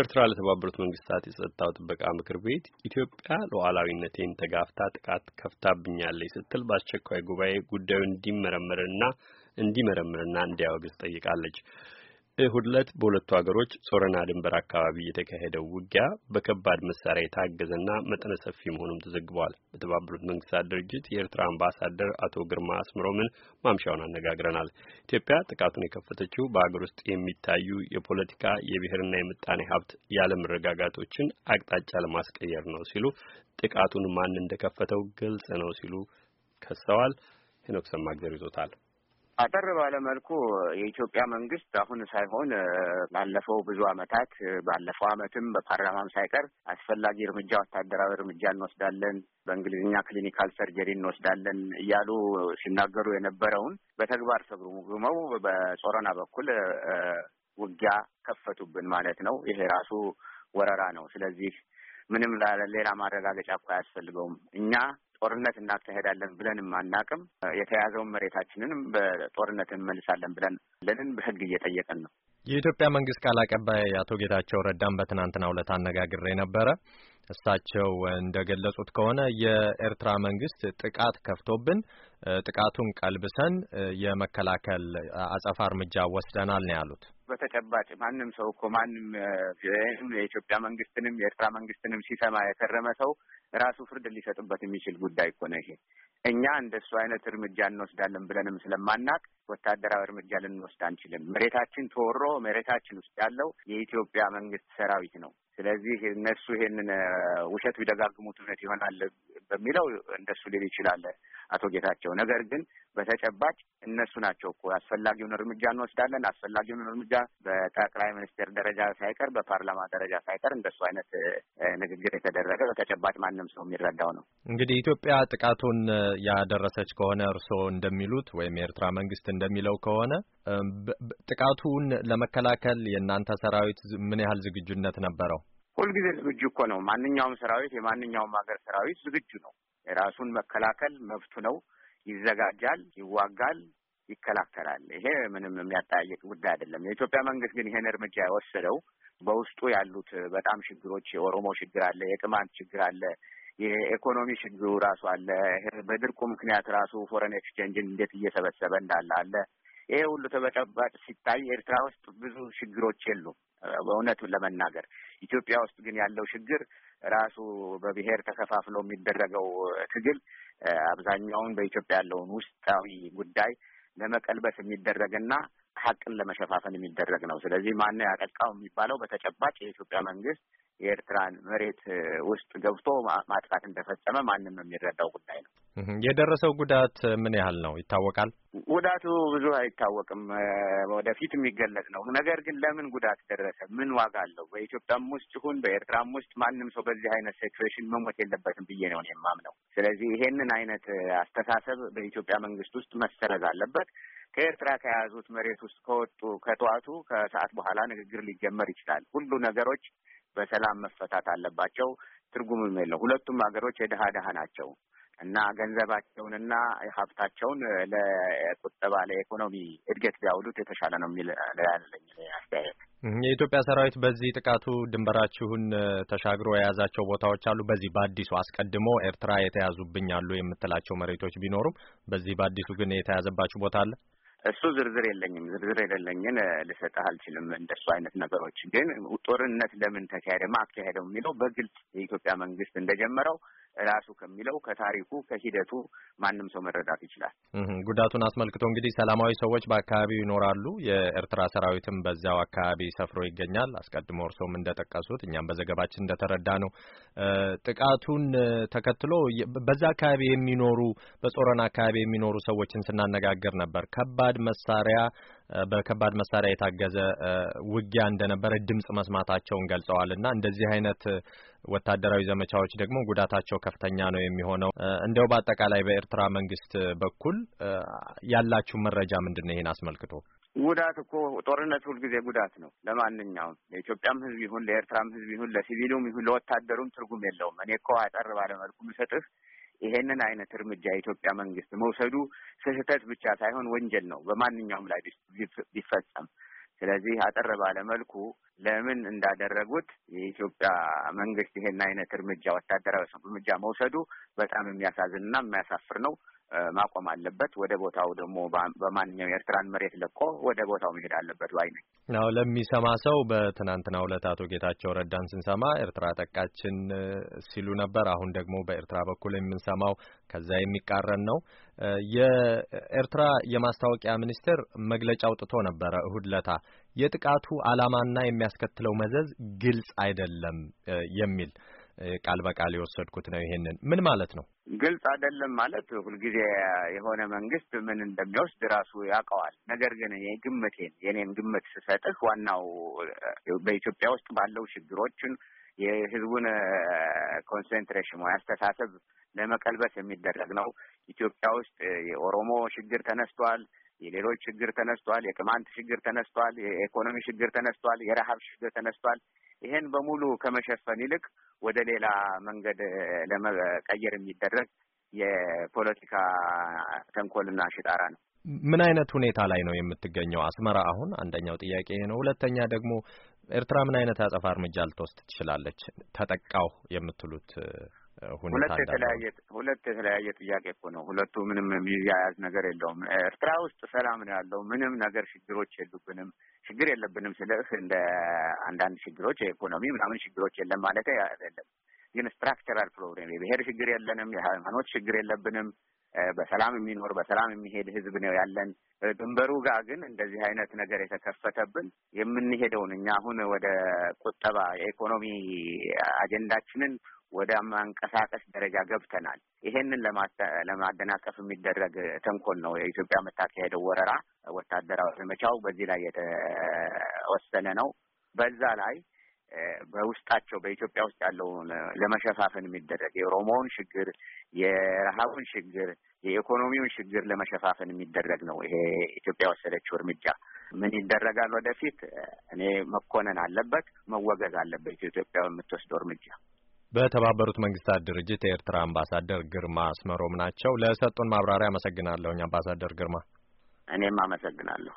ኤርትራ ለተባበሩት መንግስታት የጸጥታው ጥበቃ ምክር ቤት ኢትዮጵያ ሉዓላዊነቴን ተጋፍታ ጥቃት ከፍታብኛለች ስትል በአስቸኳይ ጉባኤ ጉዳዩ እንዲመረመርና እንዲመረምርና እንዲያወግዝ ጠይቃለች። እሁድ ዕለት በሁለቱ ሀገሮች ሶረና ድንበር አካባቢ የተካሄደው ውጊያ በከባድ መሳሪያ የታገዘና መጠነ ሰፊ መሆኑም ተዘግቧል። በተባበሩት መንግስታት ድርጅት የኤርትራ አምባሳደር አቶ ግርማ አስምሮምን ማምሻውን አነጋግረናል። ኢትዮጵያ ጥቃቱን የከፈተችው በሀገር ውስጥ የሚታዩ የፖለቲካ የብሔርና የምጣኔ ሀብት ያለመረጋጋቶችን አቅጣጫ ለማስቀየር ነው ሲሉ ጥቃቱን ማን እንደከፈተው ግልጽ ነው ሲሉ ከሰዋል። ሄኖክ ሰማግዘር ይዞታል። አጠር ባለ መልኩ የኢትዮጵያ መንግስት አሁን ሳይሆን ባለፈው ብዙ አመታት ባለፈው ዓመትም በፓርላማም ሳይቀር አስፈላጊ እርምጃ ወታደራዊ እርምጃ እንወስዳለን፣ በእንግሊዝኛ ክሊኒካል ሰርጀሪ እንወስዳለን እያሉ ሲናገሩ የነበረውን በተግባር ተግመው በጾረና በኩል ውጊያ ከፈቱብን ማለት ነው። ይሄ ራሱ ወረራ ነው። ስለዚህ ምንም ሌላ ማረጋገጫ እኮ አያስፈልገውም። እኛ ጦርነት እናካሄዳለን ብለንም አናቅም። የተያዘውን መሬታችንንም በጦርነት እንመልሳለን ብለን ለንን በህግ እየጠየቀን ነው። የኢትዮጵያ መንግስት ቃል አቀባይ አቶ ጌታቸው ረዳን በትናንትናው ዕለት አነጋግሬ ነበረ። እሳቸው እንደገለጹት ከሆነ የኤርትራ መንግስት ጥቃት ከፍቶብን ጥቃቱን ቀልብሰን የመከላከል አጸፋ እርምጃ ወስደናል ነው ያሉት። በተጨባጭ ማንም ሰው እኮ ማንም የኢትዮጵያ መንግስትንም የኤርትራ መንግስትንም ሲሰማ የከረመ ሰው ራሱ ፍርድ ሊሰጥበት የሚችል ጉዳይ እኮ ነው ይሄ። እኛ እንደሱ አይነት እርምጃ እንወስዳለን ብለንም ስለማናቅ ወታደራዊ እርምጃ ልንወስድ አንችልም። መሬታችን ተወሮ መሬታችን ውስጥ ያለው የኢትዮጵያ መንግስት ሰራዊት ነው። ስለዚህ እነሱ ይሄንን ውሸት ቢደጋግሙት እውነት ይሆናል በሚለው እንደሱ ሊል ይችላል አቶ ጌታቸው። ነገር ግን በተጨባጭ እነሱ ናቸው እኮ አስፈላጊውን እርምጃ እንወስዳለን። አስፈላጊውን እርምጃ በጠቅላይ ሚኒስቴር ደረጃ ሳይቀር፣ በፓርላማ ደረጃ ሳይቀር እንደሱ አይነት ንግግር የተደረገ በተጨባጭ ማንም ሰው የሚረዳው ነው። እንግዲህ ኢትዮጵያ ጥቃቱን ያደረሰች ከሆነ እርስዎ እንደሚሉት ወይም የኤርትራ መንግስት እንደሚለው ከሆነ ጥቃቱን ለመከላከል የእናንተ ሰራዊት ምን ያህል ዝግጁነት ነበረው? ሁልጊዜ ዝግጁ እኮ ነው። ማንኛውም ሰራዊት የማንኛውም ሀገር ሰራዊት ዝግጁ ነው። የራሱን መከላከል መብቱ ነው። ይዘጋጃል፣ ይዋጋል፣ ይከላከላል። ይሄ ምንም የሚያጠያየቅ ጉዳይ አይደለም። የኢትዮጵያ መንግስት ግን ይሄን እርምጃ የወሰደው በውስጡ ያሉት በጣም ችግሮች የኦሮሞ ችግር አለ፣ የቅማንት ችግር አለ፣ የኢኮኖሚ ችግሩ ራሱ አለ። በድርቁ ምክንያት ራሱ ፎረን ኤክስቼንጅን እንዴት እየሰበሰበ እንዳለ አለ። ይሄ ሁሉ ተበጨባጭ ሲታይ ኤርትራ ውስጥ ብዙ ችግሮች የሉም። በእውነቱ ለመናገር ኢትዮጵያ ውስጥ ግን ያለው ችግር ራሱ በብሔር ተከፋፍሎ የሚደረገው ትግል አብዛኛውን በኢትዮጵያ ያለውን ውስጣዊ ጉዳይ ለመቀልበስ የሚደረግና ሀቅን ለመሸፋፈን የሚደረግ ነው። ስለዚህ ማነው ያጠቃው የሚባለው በተጨባጭ የኢትዮጵያ መንግስት የኤርትራን መሬት ውስጥ ገብቶ ማጥቃት እንደፈጸመ ማንም የሚረዳው ጉዳይ ነው። የደረሰው ጉዳት ምን ያህል ነው ይታወቃል? ጉዳቱ ብዙ አይታወቅም፣ ወደፊት የሚገለጽ ነው። ነገር ግን ለምን ጉዳት ደረሰ? ምን ዋጋ አለው? በኢትዮጵያም ውስጥ ይሁን በኤርትራም ውስጥ ማንም ሰው በዚህ አይነት ሲትዌሽን መሞት የለበትም ብዬ ነው የማምነው። ስለዚህ ይሄንን አይነት አስተሳሰብ በኢትዮጵያ መንግስት ውስጥ መሰረዝ አለበት። ከኤርትራ ከያዙት መሬት ውስጥ ከወጡ ከጠዋቱ ከሰዓት በኋላ ንግግር ሊጀመር ይችላል። ሁሉ ነገሮች በሰላም መፈታት አለባቸው። ትርጉምም የለው። ሁለቱም ሀገሮች የድሀ ድሀ ናቸው እና ገንዘባቸውንና ሀብታቸውን ለቁጠባ ለኢኮኖሚ እድገት ቢያውሉት የተሻለ ነው የሚል ያለኝ አስተያየት። የኢትዮጵያ ሰራዊት በዚህ ጥቃቱ ድንበራችሁን ተሻግሮ የያዛቸው ቦታዎች አሉ። በዚህ በአዲሱ አስቀድሞ ኤርትራ የተያዙብኝ አሉ የምትላቸው መሬቶች ቢኖሩም በዚህ በአዲሱ ግን የተያዘባችሁ ቦታ አለ? እሱ ዝርዝር የለኝም። ዝርዝር የሌለኝን ልሰጥህ አልችልም። እንደሱ አይነት ነገሮች ግን ጦርነት ለምን ተካሄደ፣ ማ አካሄደው የሚለው በግልጽ የኢትዮጵያ መንግስት እንደጀመረው ራሱ ከሚለው ከታሪኩ ከሂደቱ ማንም ሰው መረዳት ይችላል። ጉዳቱን አስመልክቶ እንግዲህ ሰላማዊ ሰዎች በአካባቢው ይኖራሉ። የኤርትራ ሰራዊትም በዚያው አካባቢ ሰፍሮ ይገኛል። አስቀድሞ እርሶም እንደጠቀሱት እኛም በዘገባችን እንደተረዳ ነው ጥቃቱን ተከትሎ በዛ አካባቢ የሚኖሩ በጾረና አካባቢ የሚኖሩ ሰዎችን ስናነጋገር ነበር። ከባድ መሳሪያ በከባድ መሳሪያ የታገዘ ውጊያ እንደነበረ ድምጽ መስማታቸውን ገልጸዋል እና እንደዚህ አይነት ወታደራዊ ዘመቻዎች ደግሞ ጉዳታቸው ከፍተኛ ነው የሚሆነው። እንዲያው በአጠቃላይ በኤርትራ መንግስት በኩል ያላችሁ መረጃ ምንድን ነው? ይህን አስመልክቶ ጉዳት እኮ ጦርነት ሁልጊዜ ጉዳት ነው ለማንኛውም፣ ለኢትዮጵያም ህዝብ ይሁን ለኤርትራም ህዝብ ይሁን ለሲቪሉም ይሁን ለወታደሩም ትርጉም የለውም። እኔ እኮ አጠር ባለመልኩ ምሰጥህ ይሄንን አይነት እርምጃ የኢትዮጵያ መንግስት መውሰዱ ስህተት ብቻ ሳይሆን ወንጀል ነው በማንኛውም ላይ ቢፈጸም። ስለዚህ አጠር ባለ መልኩ ለምን እንዳደረጉት የኢትዮጵያ መንግስት ይሄን አይነት እርምጃ ወታደራዊ እርምጃ መውሰዱ በጣም የሚያሳዝንና የሚያሳፍር ነው። ማቆም አለበት። ወደ ቦታው ደግሞ በማንኛውም የኤርትራን መሬት ለቆ ወደ ቦታው መሄድ አለበት ባይ ነኝ። አዎ ለሚሰማ ሰው በትናንትና ሁለት አቶ ጌታቸው ረዳን ስንሰማ ኤርትራ ጠቃችን ሲሉ ነበር። አሁን ደግሞ በኤርትራ በኩል የምንሰማው ከዛ የሚቃረን ነው። የኤርትራ የማስታወቂያ ሚኒስቴር መግለጫ አውጥቶ ነበረ እሁድ ለታ የጥቃቱ ዓላማና የሚያስከትለው መዘዝ ግልጽ አይደለም የሚል ቃል በቃል የወሰድኩት ነው። ይሄንን ምን ማለት ነው? ግልጽ አይደለም ማለት ሁልጊዜ የሆነ መንግስት ምን እንደሚወስድ ራሱ ያውቀዋል። ነገር ግን እኔ ግምቴን የኔን ግምት ስሰጥህ ዋናው በኢትዮጵያ ውስጥ ባለው ችግሮችን የህዝቡን ኮንሰንትሬሽን ወይ አስተሳሰብ ለመቀልበስ የሚደረግ ነው። ኢትዮጵያ ውስጥ የኦሮሞ ችግር ተነስቷል። የሌሎች ችግር ተነስቷል። የቅማንት ችግር ተነስቷል። የኢኮኖሚ ችግር ተነስቷል። የረሀብ ችግር ተነስቷል። ይሄን በሙሉ ከመሸፈን ይልቅ ወደ ሌላ መንገድ ለመቀየር የሚደረግ የፖለቲካ ተንኮልና ሽጣራ ነው። ምን አይነት ሁኔታ ላይ ነው የምትገኘው አስመራ አሁን? አንደኛው ጥያቄ ይሄ ነው። ሁለተኛ ደግሞ ኤርትራ ምን አይነት አጸፋ እርምጃ ልትወስድ ትችላለች? ተጠቃው የምትሉት ሁለት የተለያየ ሁለት የተለያየ ጥያቄ እኮ ነው። ሁለቱ ምንም የሚያያዝ ነገር የለውም። ኤርትራ ውስጥ ሰላም ነው ያለው። ምንም ነገር ችግሮች የሉብንም፣ ችግር የለብንም ስልህ እንደ አንዳንድ ችግሮች የኢኮኖሚ ምናምን ችግሮች የለም ማለት አይደለም። ግን ስትራክቸራል ፕሮብሌም የብሔር ችግር የለንም፣ የሃይማኖት ችግር የለብንም። በሰላም የሚኖር በሰላም የሚሄድ ህዝብ ነው ያለን። ድንበሩ ጋር ግን እንደዚህ አይነት ነገር የተከፈተብን የምንሄደውን እኛ አሁን ወደ ቁጠባ የኢኮኖሚ አጀንዳችንን ወደ ማንቀሳቀስ ደረጃ ገብተናል። ይሄንን ለማደናቀፍ የሚደረግ ተንኮል ነው። የኢትዮጵያ የምታካሄደው ወረራ ወታደራዊ ዘመቻው በዚህ ላይ የተወሰነ ነው። በዛ ላይ በውስጣቸው በኢትዮጵያ ውስጥ ያለውን ለመሸፋፈን የሚደረግ የኦሮሞውን ችግር፣ የረሃቡን ችግር፣ የኢኮኖሚውን ችግር ለመሸፋፈን የሚደረግ ነው። ይሄ ኢትዮጵያ ወሰደችው እርምጃ ምን ይደረጋል ወደፊት? እኔ መኮነን አለበት፣ መወገዝ አለበት ኢትዮጵያ የምትወስደው እርምጃ በተባበሩት መንግስታት ድርጅት የኤርትራ አምባሳደር ግርማ አስመሮም ናቸው። ለሰጡን ማብራሪያ አመሰግናለሁኝ አምባሳደር ግርማ። እኔም አመሰግናለሁ።